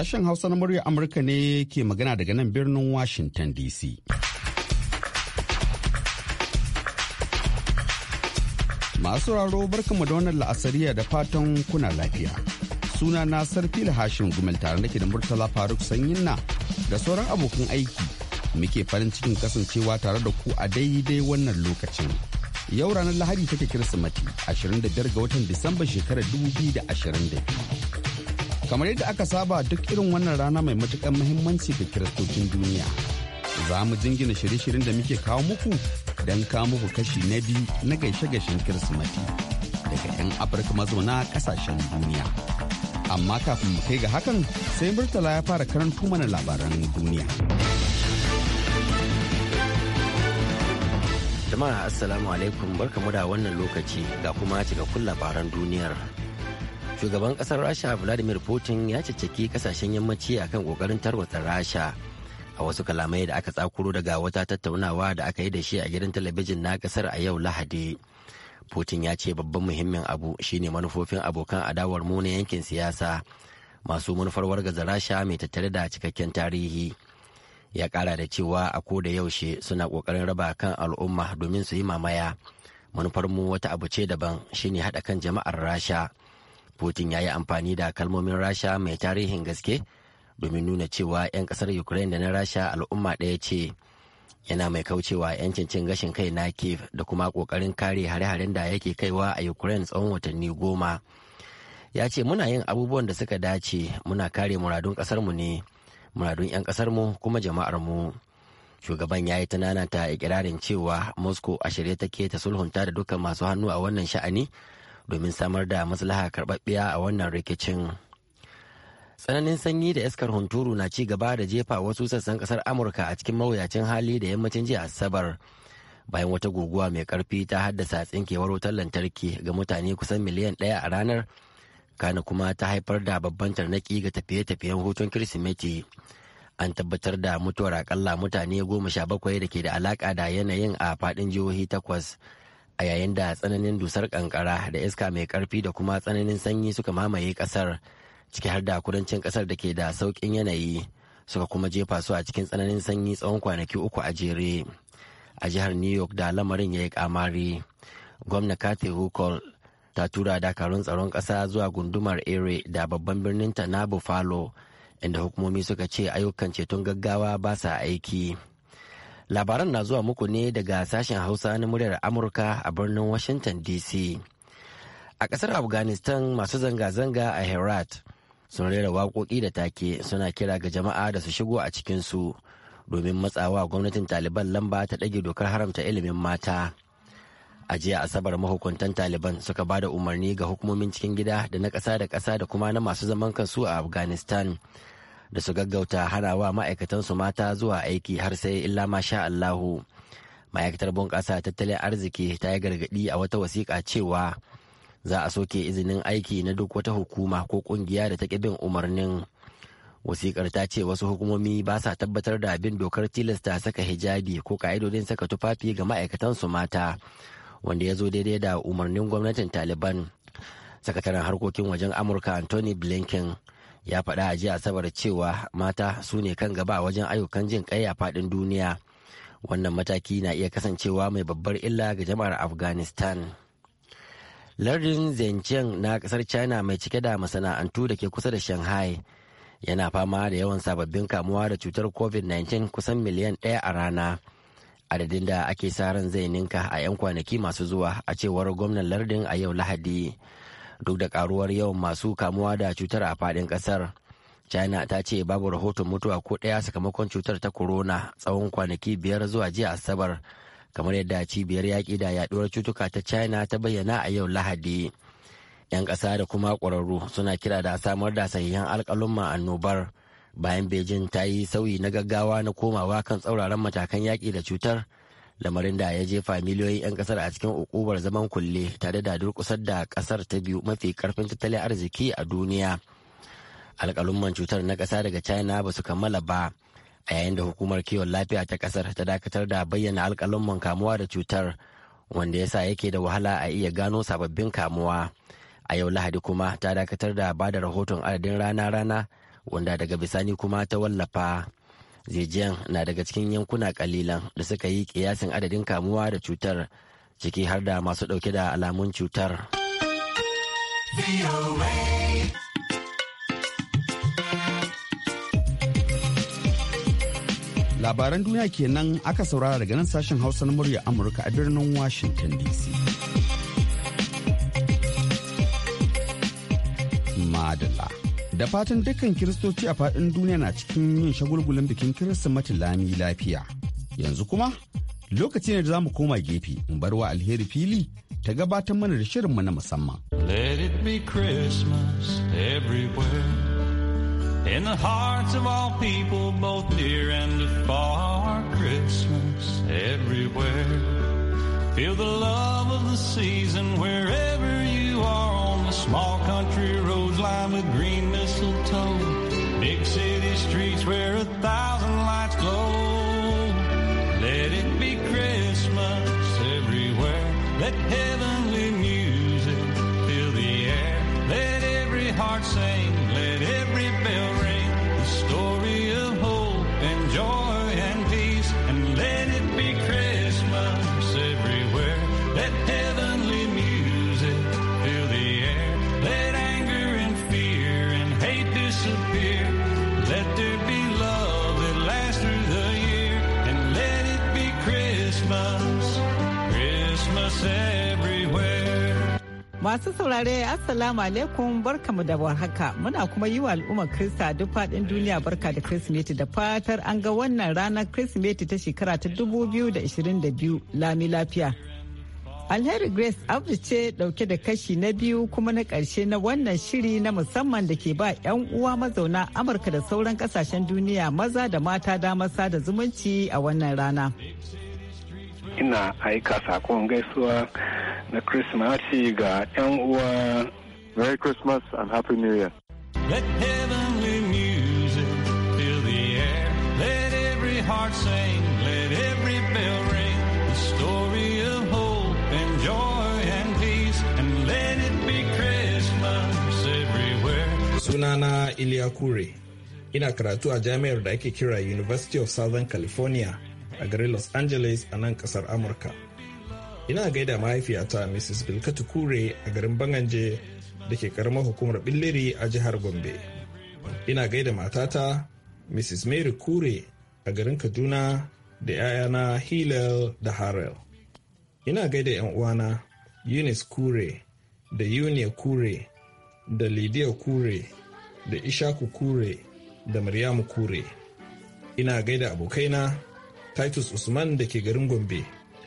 Sashen Hausa na murya Amurka ne ke magana daga nan birnin Washington DC. Masu raro barkanmu da wannan la'asariya da fatan kuna lafiya. Suna na sarfi da hashin Gumel tare da ke da Murtala Faruk Sanyinna da sauran abokan aiki muke farin cikin kasancewa tare da ku a daidai wannan lokacin. Yau ranar Lahadi take Kirsimati 25 ga watan Disamba shekarar 2022. kamar yadda aka saba duk irin wannan rana mai matuƙar muhimmanci ga kiristocin duniya za mu jingina shirye-shiryen da muke kawo muku don kawo muku kashi na biyu na gaishe-gaishen kirsimati daga 'yan afirka mazauna ƙasashen duniya amma kafin mu kai ga hakan sai murtala ya fara karanto mana labaran duniya jama'a assalamu alaikum barkamu da wannan lokaci ga kuma cikakkun labaran duniyar shugaban kasar rasha vladimir putin ya caccaki kasashen yammaci akan kokarin tarwatsa rasha a wasu kalamai da aka tsakuro daga wata tattaunawa da aka yi da shi a gidan talabijin na kasar a yau lahadi putin ya ce babban muhimmin abu shine manufofin abokan adawar mu na yankin siyasa masu manufar wargaza rasha mai tattare da cikakken tarihi ya kara da cewa a ko da yaushe suna kokarin raba kan al'umma domin su yi mamaya manufarmu wata abu ce daban shine haɗa kan jama'ar rasha putin ya yi amfani da kalmomin rasha mai tarihin gaske domin nuna cewa 'yan kasar ukraine da na rasha al'umma ɗaya ce yana mai kaucewa 'yancin cin gashin kai na kiev da kuma kokarin kare hare-haren da yake kaiwa a ukraine tsawon watanni goma ya ce muna yin abubuwan da suka dace muna kare muradun ƙasarmu ne muradun 'yan ƙasarmu kuma jama'armu shugaban ya yi tunananta ikirarin cewa moscow a shirye take ta sulhunta da dukkan masu hannu a wannan sha'ani domin samar da maslaha karɓaɓɓiya a wannan rikicin. tsananin sanyi da iskar hunturu na ci gaba da jefa wasu sassan kasar amurka a cikin mawuyacin hali da yammacin jiya asabar bayan wata guguwa mai karfi ta haddasa tsinkewar wutar lantarki ga mutane kusan miliyan ɗaya a ranar kana kuma ta haifar da babban tarnaki ga tafiye-tafiyen hutun kirsimeti an tabbatar da mutuwar akalla mutane goma sha bakwai da ke da alaka da yanayin a faɗin jihohi takwas a yayin da tsananin dusar kankara da iska mai karfi da kuma tsananin sanyi suka mamaye kasar ciki har da kudancin kasar da ke da sauƙin yanayi suka kuma jefa su a cikin tsananin sanyi tsawon kwanaki uku a jere a jihar new york da lamarin ya yi kamari gwamna kathy hukol ta tura dakarun tsaron ƙasa zuwa gundumar ere da babban birnin ta na buffalo inda hukumomi suka ce ayyukan ceton gaggawa ba sa aiki labaran na zuwa muku ne daga sashen hausa na muryar amurka a birnin washington dc a kasar afghanistan masu zanga-zanga a herat sun rera waƙoƙi da take suna kira ga jama'a da su shigo a cikinsu domin matsawa gwamnatin taliban lamba ta ɗage dokar haramta ilimin mata a jiya asabar mahukuntan taliban suka ba da umarni ga hukumomin cikin gida da na kasa da ƙasa da kuma na masu zaman kansu a afghanistan da su gaggauta harawa su mata zuwa aiki har sai illa masha Allahu. Ma'aikatar bunƙasa tattalin arziki ta yi gargaɗi a wata wasiƙa cewa za a soke izinin aiki na duk wata hukuma ko ƙungiya da ta bin umarnin. Wasiƙar ta ce wasu hukumomi ba sa tabbatar da bin dokar tilasta saka hijabi ko ka'idodin saka tufafi ga ma'aikatansu mata wanda ya zo daidai da umarnin gwamnatin Taliban. Sakataren harkokin wajen Amurka Anthony Blinken ya faɗa a jiya asabar cewa mata su ne kan gaba wajen ayyukan jin kai a faɗin duniya wannan mataki na iya kasancewa mai babbar illa ga jama'ar afghanistan lardin zhenjiang na kasar china mai cike da masana'antu da ke kusa da shanghai yana fama da yawan sababbin kamuwa da cutar covid-19 kusan miliyan ɗaya a rana adadin da ake sa ran zai ninka a 'yan kwanaki masu zuwa a cewar gwamnan lardin a yau lahadi duk da karuwar yawan masu kamuwa da cutar a faɗin ƙasar. China ta ce babu rahoton mutuwa ko ɗaya sakamakon cutar ta corona tsawon kwanaki biyar zuwa jiya Asabar. kamar yadda cibiyar yaƙi da yaɗuwar cutuka ta china ta bayyana a yau lahadi yan ƙasa da kuma ƙwararru suna kira da samar da sahihan alƙalumma annobar bayan beijing ta yi sauyi na gaggawa na komawa kan tsauraran matakan yaƙi da cutar lamarin da ya jefa miliyoyin 'yan kasar a cikin ukubar zaman kulle tare da durkusar da kasar ta biyu mafi karfin tattalin arziki a duniya alkalumman cutar na kasa daga china ba su kammala ba a yayin da hukumar kiwon lafiya ta kasar ta dakatar da bayyana alkalumman kamuwa da cutar wanda ya sa yake da wahala a iya gano sababbin kamuwa a yau lahadi kuma ta dakatar da ba da rahoton adadin rana-rana wanda daga bisani kuma ta wallafa zhejiang na daga cikin yankuna kalilan da suka yi kiyasin adadin kamuwa da cutar ciki har da masu dauke da alamun cutar labaran duniya kenan aka saurara daga nan sashen hausa na murya amurka a birnin washington dc madala da fatan dukkan kiristoci a faɗin duniya na cikin yin shagulgulan bikin kirsimati lami lafiya yanzu kuma lokaci ne da za mu koma gefe in bar wa alheri fili ta gabatar mana da shirinmu na musamman let it be christmas everywhere in the hearts of all people both near and far christmas everywhere feel the love of the season wherever you are on the small country roads lined with green streets where a thousand lights glow. Let it be Christmas everywhere. Let heavenly music fill the air. Let every heart say. Masu saurare Assalamu alaikum barkamu da warhaka muna kuma yi wa al'ummar Krista duk faɗin duniya barka da Kirsimeti da fatar an ga wannan ranar Kirsimeti ta shekara ta 2022 lami lafiya. Alheri Grace Abdu ce dauke da kashi na biyu kuma na ƙarshe na wannan shiri na musamman da ke ba 'yan uwa mazauna Amurka da sauran ƙasashen duniya maza da mata damar sada zumunci a wannan rana. ina aika sakon gaisuwa na Krismasi ga 'yan uwa. Merry Christmas and Happy New Year. Let heavenly music fill the air. Let every heart sing. Let every bell ring. The story of hope and joy and peace. And let it be Christmas everywhere. Sunana Iliya Kure. Ina karatu a jami'ar da ake kira University of Southern California a garin Los Angeles a nan kasar Amurka. Ina gaida mahaifiyata Mrs. Bilkatu Kure a garin Banganje da ke karamar hukumar Billiri a jihar Gombe. Ina gaida matata Mrs. Mary Kure a garin Kaduna da 'ya'yana Hillel da Harrell. Ina gaida 'yan uwana Eunice Kure da Yunia Kure da Lidiya Kure da Ishaku Kure da Maryamu Kure. Ina gaida abokaina Titus Usman da ke garin Gombe,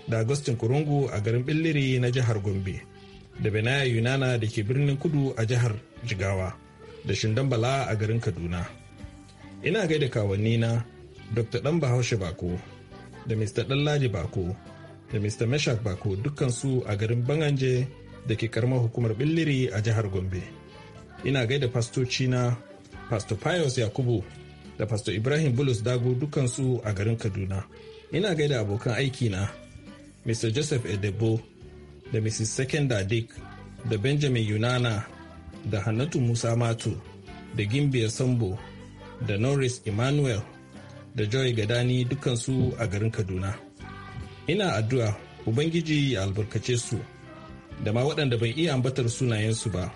da Agustin Kurungu a garin Billiri na jihar Gombe, da Benaya Yunana da ke birnin Kudu a jihar Jigawa, da Shindan Bala a garin Kaduna. Ina gaida na Dr. Dan Bahaushe Bako, da Mr. Ɗanladi Bako, da Mr. Meshak Bako dukkansu a garin Banganje da ke karamar hukumar Billiri a jihar Gombe. Ina gaida fastoci na Pastor Pius Yakubu da fasto Ibrahim Bulus Dago dukansu a garin Kaduna. Ina gaida abokan aiki na Mr. Joseph Edebo da Mrs. Sekenda Dick da Benjamin Yunana da Hannatu Musa Matu da Gimbiya Sambo da Norris Emmanuel da Joy Gadani dukansu a garin Kaduna. Ina addu'a Ubangiji ya albarkace su da ma waɗanda bai iya ambatar sunayensu ba.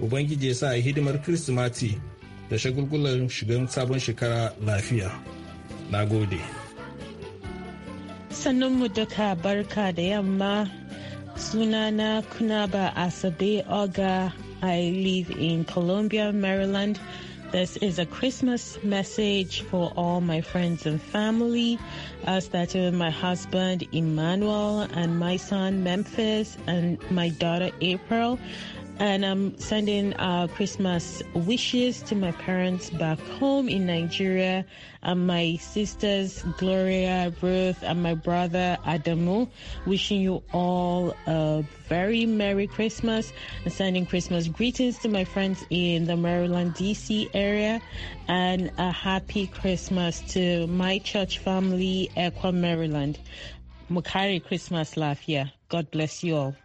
Ubangiji ya sa hidimar Kirsimati da shagulgulan shigan sabon shekara lafiya na gode mu duka barka da yamma sunana kunaba asabe oga i live in columbia maryland This is a Christmas message for all my friends and family, uh, starting with my husband Emmanuel and my son Memphis and my daughter April and I'm sending uh, Christmas wishes to my parents back home in Nigeria and my sisters Gloria, Ruth, and my brother Adamu. Wishing you all a very Merry Christmas and sending Christmas greetings to my friends in the Maryland, D.C. area and a happy Christmas to my church family, Equa, Maryland. Mukari Christmas Lafia. God bless you all.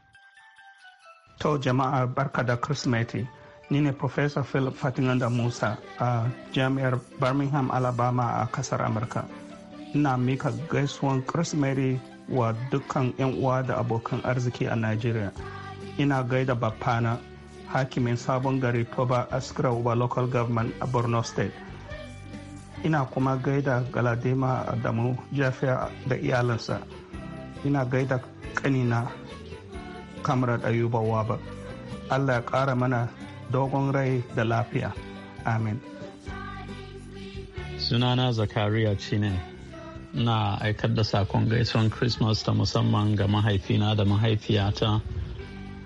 To jama'a barka da Kirsimeti. Ni ne Professor Philip Fatinanda Musa a Jami'ar Birmingham, Alabama a kasar Amurka. Ina mika gaisuwan Kirsimeti wa dukkan 'yan uwa da abokan arziki a Najeriya. Ina gaida bafana hakimin sabon gari Toba Askira Uba Local Government a Borno State. Ina kuma gaida Galadima Adamu Jafiya da iyalinsa. Ina gaida kanina kamar ayuba waba allah ya ƙara mana dogon rai da lafiya amin sunana zakariya cine na aikar da sakon gaisuwan christmas ta musamman ga mahaifina da mahaifiyata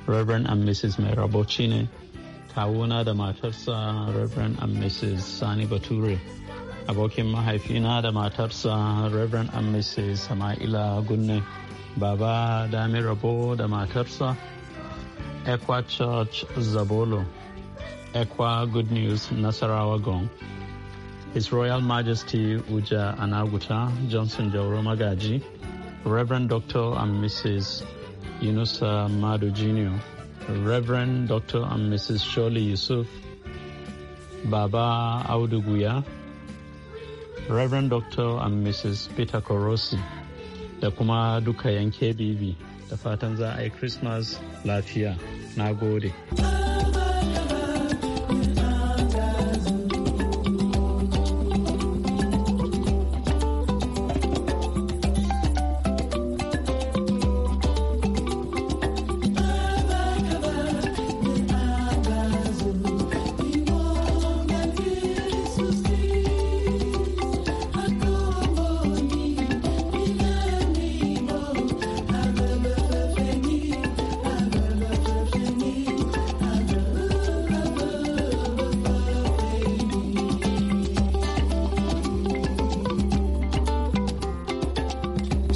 reverend and mrs mai Rabochi ne kawuna da matarsa reverend and mrs sani bature abokin mahaifina da matarsa reverend and mrs sama'ila gunne baba dami rabo da matarsa ekwa church zabolo ekwa good news nasarawa gong his royal majesty uja anaguta johnson jauro magaji reverend dr and mrs yunusa madu jr reverend dr and mrs shirley yusuf baba auduguya reverend dr and mrs peter korosi da kuma duka yanke bibi da fatan za a yi christmas lafiya na gode.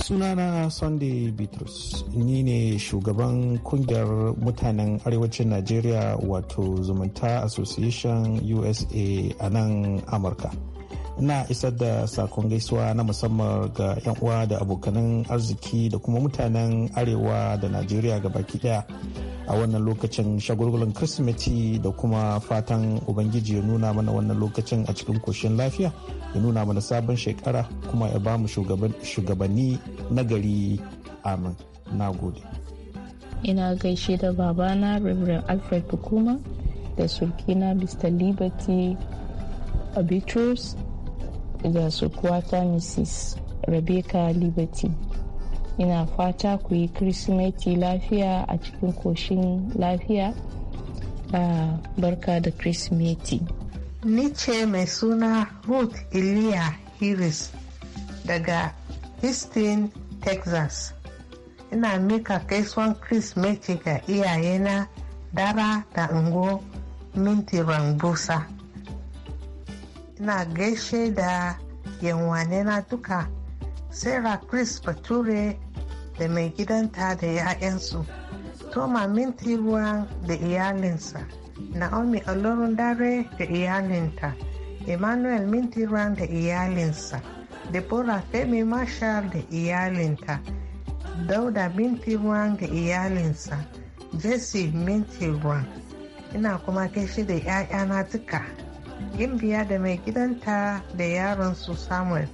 sunana sunday bitrus ni ne shugaban kungiyar mutanen arewacin najeriya wato zumunta association usa a nan amurka na isar da sakon gaisuwa na musamman ga 'yan uwa da abokanan arziki da kuma mutanen arewa da najeriya baki daya a wannan lokacin shagulgulan kirsimeti da kuma fatan ubangiji ya nuna mana wannan lokacin a cikin koshin lafiya ya nuna mana sabon shekara kuma ya ba mu shugabanni na gari amin na gode ina gaishe da babana reverend alfred bukuma da surkina mr liberty abitrus da sukuwata mrs rebecca liberty ina fata ku yi kirsimeti lafiya a cikin koshin lafiya a barka da kirsimeti ni ce mai suna ruth iliya harris daga houston texas ina mika gaisuwan kirsimeti ga iyayena dara da ungo minti rambusa ina gaishe da yanwanena duka sarah chris bature da mai gidanta da 'ya'yansu toma minti ruwa da iyalinsa naomi olorun dare da iyalinta emmanuel minti ruwa da iyalinsa deborah femi marshall da iyalinta dauda minti ruwa da iyalinsa jesse minti ruwa ina kuma gaishe da 'ya'yana duka gimbiya da mai gidanta da yaron su samuel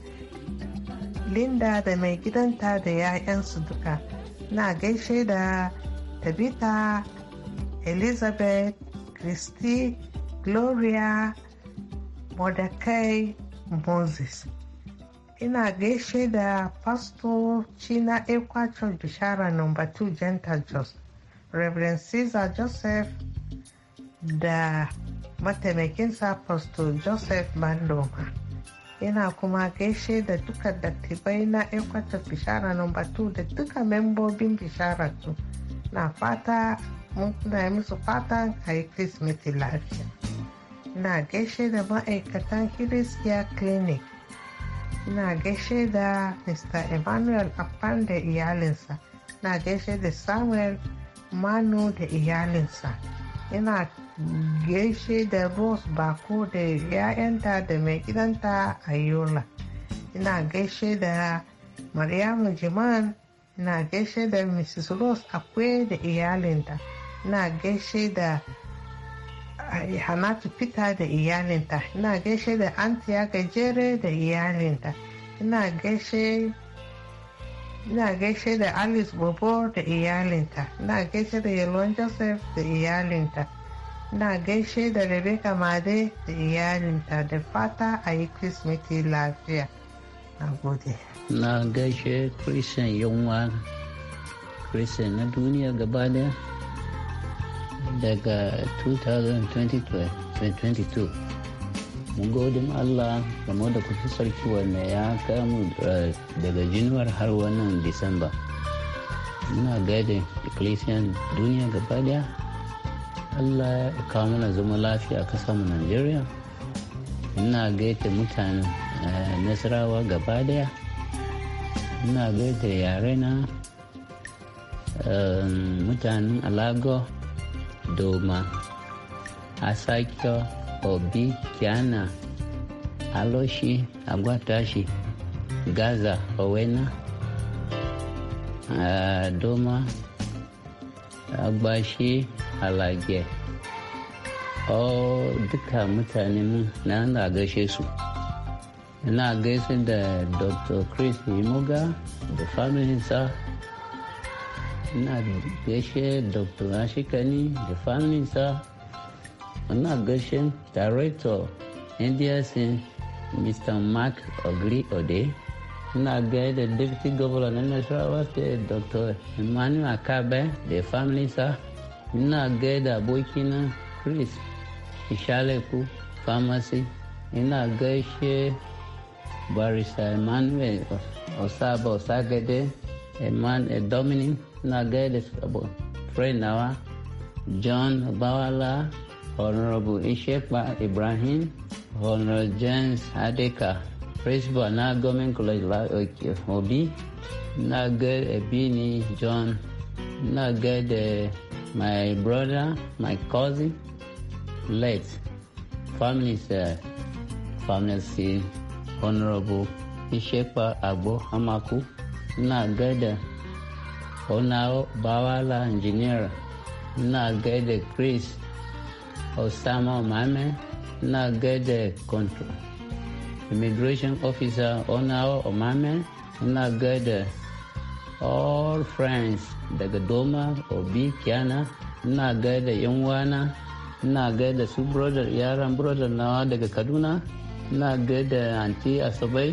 linda da mai gidanta da 'ya'yansu duka na gaishe da tabita elizabeth christy gloria mordecai moses ina gaishe da pastor china ekwachon bishara number 2 janta jos reverend caesar joseph da mataimakinsa pastor joseph mandoma yana kuma gaishe da duka dattibai na Ekwata bishara nomba 2 da duka membobin bishara su na fata yi musu fata a yi kirsimeti lafiya na gaishe da ma'aikatan kiriskiya clinic na gaishe da mr emmanuel afan da iyalinsa na gaishe da samuel manu da iyalinsa ina gaishe da Rose Bako da 'ya'yanta da mai gidanta a Yola. Ina gaishe da Maryamu Jiman, ina gaishe da Mrs. Rose akwai da iyalinta, ina gaishe da eh, Hanatu Peter da iyalinta, ina gaishe da Antiya Gajere da iyalinta, ina gaishe ina gaishe da alice bobo da iyalinta ina gaishe da yalon joseph da iyalinta ina gaishe da Rebecca Made da iyalinta da fata a yi Kirsimeti lafiya. Na gode. Na gaishe Christian Yunwa, Christian na duniya gaba daga 2022. Mun godin Allah game da kusa sarki wanda ya kamu eh, daga Januwar har wannan Disamba. Muna gaida Ecclesian duniya gaba daya allah ya kawo mana zama lafiya a mu najeriya ina gaita mutanen eh, nasarawa gaba daya ina gaita yare na eh, mutanen alago doma asakio obi kiana aloshi agwatashi gaza owena eh, doma agbashi alage oh duka mutane mun na na gaishe su ina gaishe da dr chris yimoga da familinsa ina gaishe dr ashikani da familinsa ina gaishe director india sin mr mark ogri ode ina gaida deputy governor na nasarawa state dr emmanuel akabe da familinsa ina gaida abokina chris ishaleku pharmacy ina gaishe barista emmanuel osaba osagede emmanuel dominic ina gaida friend nawa john bawala honorable ishepa ibrahim honorable james adeka principal na government college obi na gaida ebini john na gaida my brother, my cousin, late uh, family sir, family sir, honorable Ishepa Abo Hamaku, Nagada, Onao Bawala engineer, Nagada Chris, Osama Mame, Nagada control, immigration officer Onao Omame, Nagada. all friends daga doma obi kiana ina gaida yan wana ina gaida su brother yaran brother nawa daga kaduna ina gaida anti asabai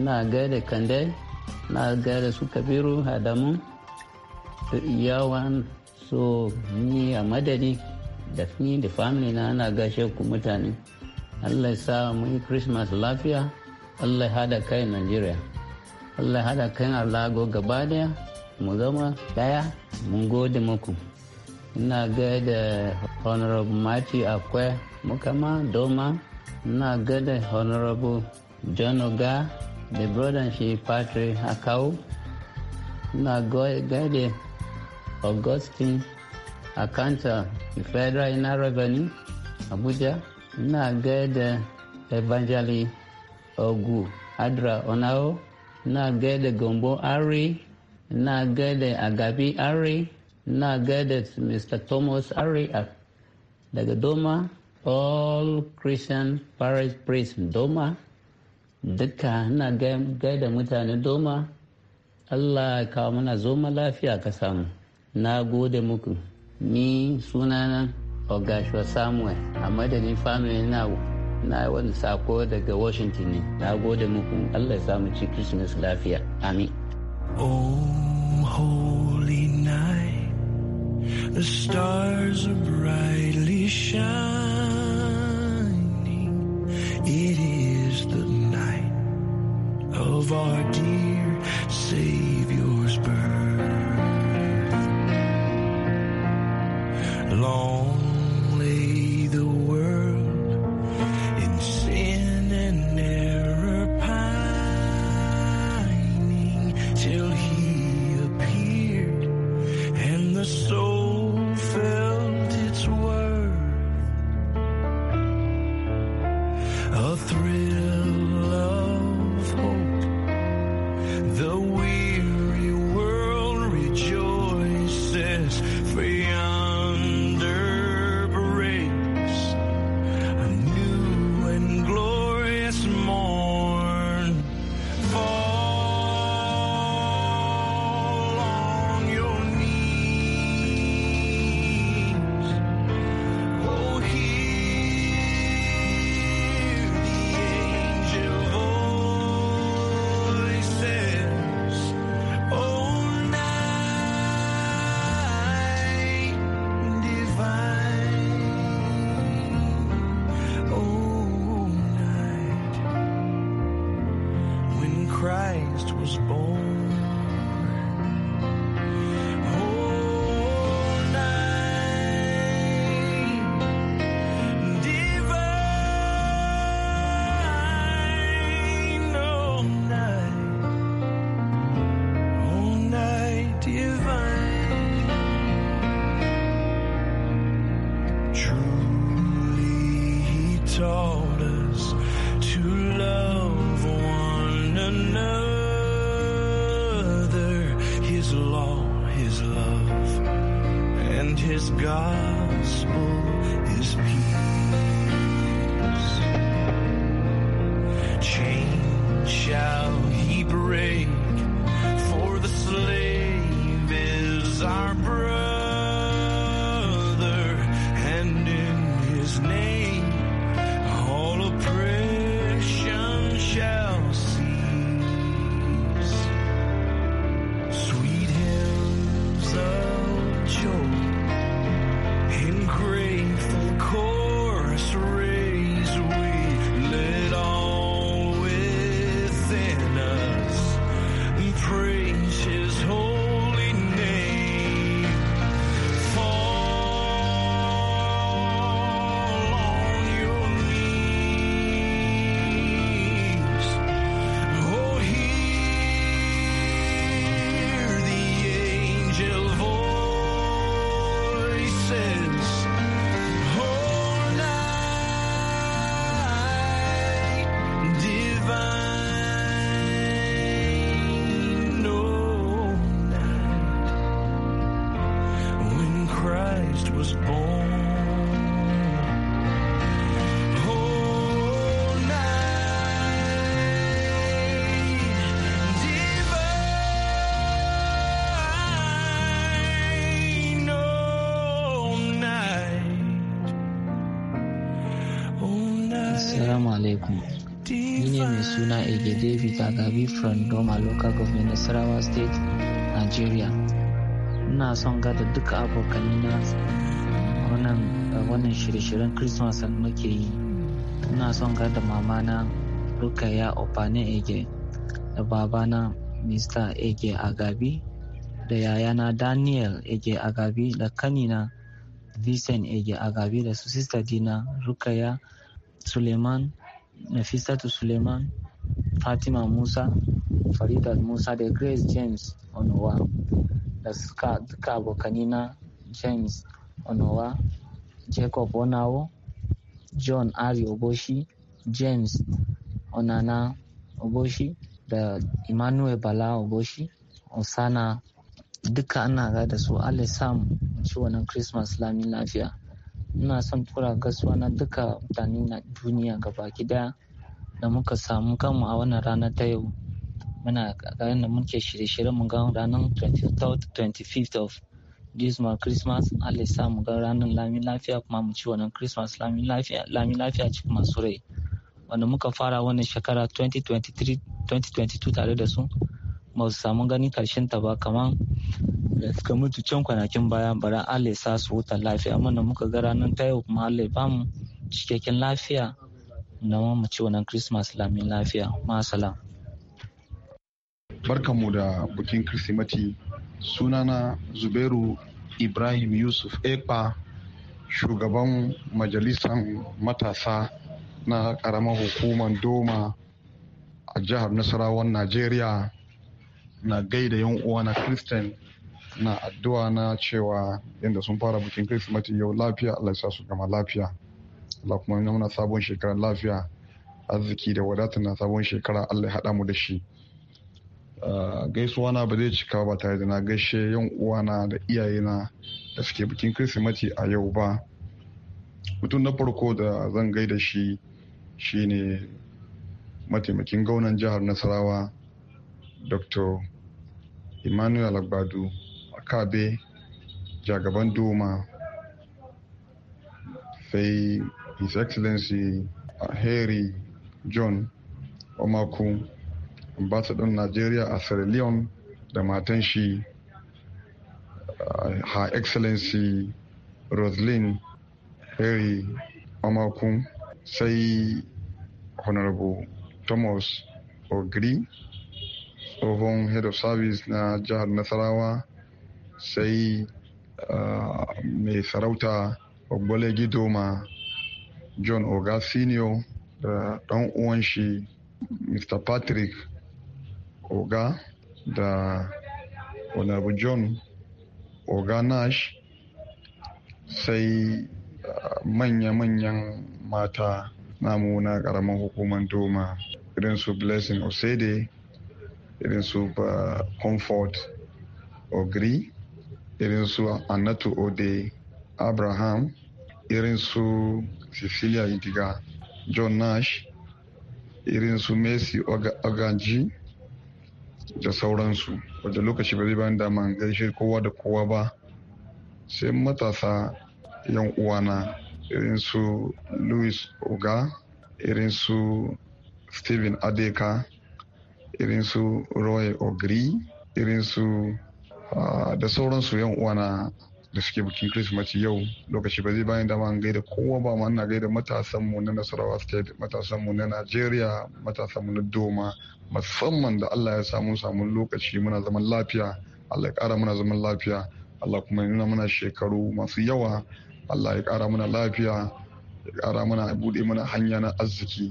ina gaida kande ina gaida su kabiru adamu yawan so ni a madadi da ni da family na ana gashe ku mutane allah ya sa mu christmas lafiya allah ya hada kai nigeria Allah haɗa kan alago gaba daya mu zama daya mun gode muku ina gaida honorable matthew akwai mukama doma ina gaida honorable john oga the brother shi patrick akawu ina gaida augustine akanta the federal ina revenue abuja ina gaida evangeli ogu adra onao na gaida gombo are na gaida agabi are na gaida mr thomas are daga doma all christian parish priest doma duka na gaida mutane doma allah kawo mana zoma lafiya ka samu na gode muku ni sunana ogashua samuel a madadin family na na wani sako daga washington ne na gode muku allah ya samu ci christmas lafiya amin oh holy night the stars are brightly shining it is the night of our dear savior's birth long was born. Assalamu alaikum. Ni ne mai suna Ege David Agabi from Doma Local Government Nasarawa State, Nigeria. ina son gada da duka abokanina wannan shirye-shiryen christmas da muke yi ina son gada da mamana rukaya opane ege da babana mista ege agabi da yayana daniel ege agabi da kanina vincent ege agabi da su sista dina rukaya suleiman nafisatu suleiman fatima musa farida musa da grace james onowa da suka duka abokani na james onowa jacob onawo john ari oboshi james onana oboshi da emmanuel bala oboshi osana duka ana ga da su allah sam ci wannan christmas lamin lafiya ina son tura gaisuwa na duka mutane na duniya gabaki daya da muka samu kanmu a wannan rana ta yau muna ƙarin da muke shirye-shirye mu ga ranar 23rd 25th of this month christmas allah sa mu ga ranar lami lafiya kuma mu ci wannan christmas lami lafiya lami lafiya cikin masu rai wanda muka fara wannan shekara 2023 2022 tare da su ba su samu gani karshen ta ba kaman da suka mutu can kwanakin baya bara allah sa su huta lafiya mana muka ga ranar ta yau kuma allah ba mu cikakken lafiya na mu ci wannan christmas lami lafiya ma salam barkanmu da bukin kirsimati sunana zubairu ibrahim yusuf ekpa shugaban majalisar matasa na karamar hukumar doma a jihar nasarawar najeriya na gaida yan uwa na kristen na addu'a na cewa yadda sun fara bikin kirsimati yau lafiya allah su gama lafiya allah kuma nuna sabon shekarar lafiya arziki da wadatar na sabon shekara allah haɗa mu da shi Ah, gaisuwa na ba zai cika ba tare da na gaishe yan uwana da iyayena da suke bikin kirsimati a yau ba mutum na farko da zan gaida shi shine mataimakin gaunan jihar nasarawa dr emmanuel agbadu Kabe, jagaban doma sai his excellency harry john omaku ambasadan najeriya a sierra leone da matan shi uh, her excellency roslyn harry Amakun sai honorable thomas ogri tsohon head of service na jihar nasarawa sai uh, mai sarauta ogbole gidoma john oga senior da ɗan uwan shi mr patrick oga da abu john oga nash sai ah, manya-manyan mata namu na karamar hukumar doma irin su blessing Sede, irin su comfort ogri irin su annatu ode abraham irin su cecilia idiga john nash irin su messi oganji da sauransu wadda lokaci ba zai bayan dama gaishe kowa da kowa ba sai matasa yan uwana irin su louis oga irin su steven adeka irin su roy ogri irin su ah, da sauransu yan uwana da suke bikin Christmas yau lokaci ba zai bayan dama an gaida kowa ba ma ina gaida matasan mu na Nasarawa State matasan mu na Najeriya matasan mu na Doma musamman da Allah ya samu samu lokaci muna zaman lafiya Allah ya kara muna zaman lafiya Allah kuma ya nuna muna shekaru masu yawa Allah ya kara muna lafiya ya kara muna bude muna hanya na arziki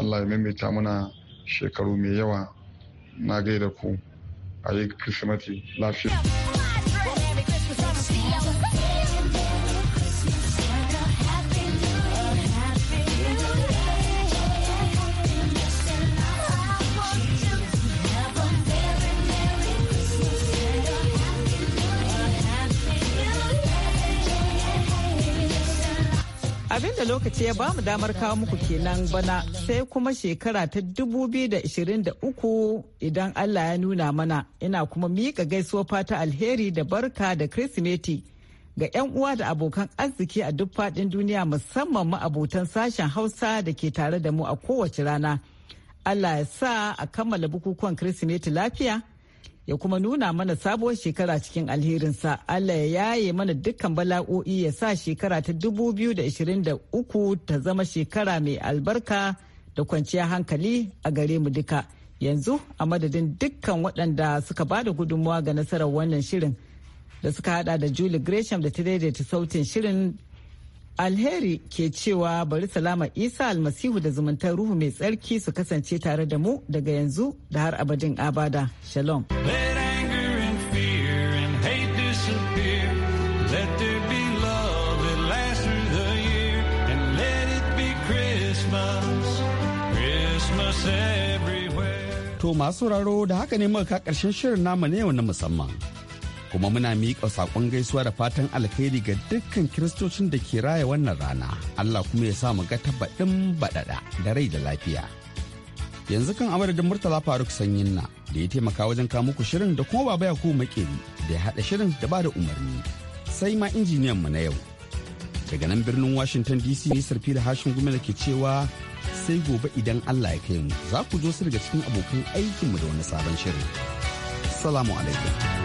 Allah ya maimaita muna shekaru mai yawa na gaida ku a yi kirsimati lafiya. I see Yeah. abin da lokaci ya bamu damar kawo muku kenan bana sai kuma shekara ta 2023 idan Allah ya nuna mana ina kuma miƙa gaisuwar fata alheri da barka da Kirsimeti ga 'yan uwa da abokan arziki a duk faɗin duniya musamman ma'abotan sashen Hausa da ke tare da mu a kowace rana. Allah ya sa a kammala bukukuwan Kirsimeti lafiya. ya kuma nuna mana sabuwar shekara cikin alherinsa Allah ya yaye mana dukkan bala'o'i ya sa shekara ta 2023 ta zama shekara mai albarka da kwanciyar hankali a gare mu duka yanzu a madadin dukkan waɗanda suka ba da gudunmawa ga nasarar wannan shirin da suka hada da Julie Gresham da ta daidaita sautin shirin Alheri ke cewa bari salama Isa almasihu da zumuntar ruhu mai tsarki su kasance tare da mu daga yanzu da har abadin abada. Shalom. To masu raro da haka ne muka karshen shirin namu na yau na musamman. kuma muna miƙa saƙon gaisuwa da fatan alkhairi ga dukkan kiristocin da ke raya wannan rana Allah kuma ya sa mu ga tabbaɗin baɗaɗa da rai da lafiya yanzu kan da murtala faruk sanyin na da ya taimaka wajen kawo muku shirin da kuma baba yakubu makeri da ya haɗa shirin da ba da umarni sai ma injiniyan mu na yau daga nan birnin washington dc ne sarfi da hashin da ke cewa sai gobe idan allah ya kai mu za ku zo su daga cikin abokan aikinmu da wani sabon shirin salamu alaikum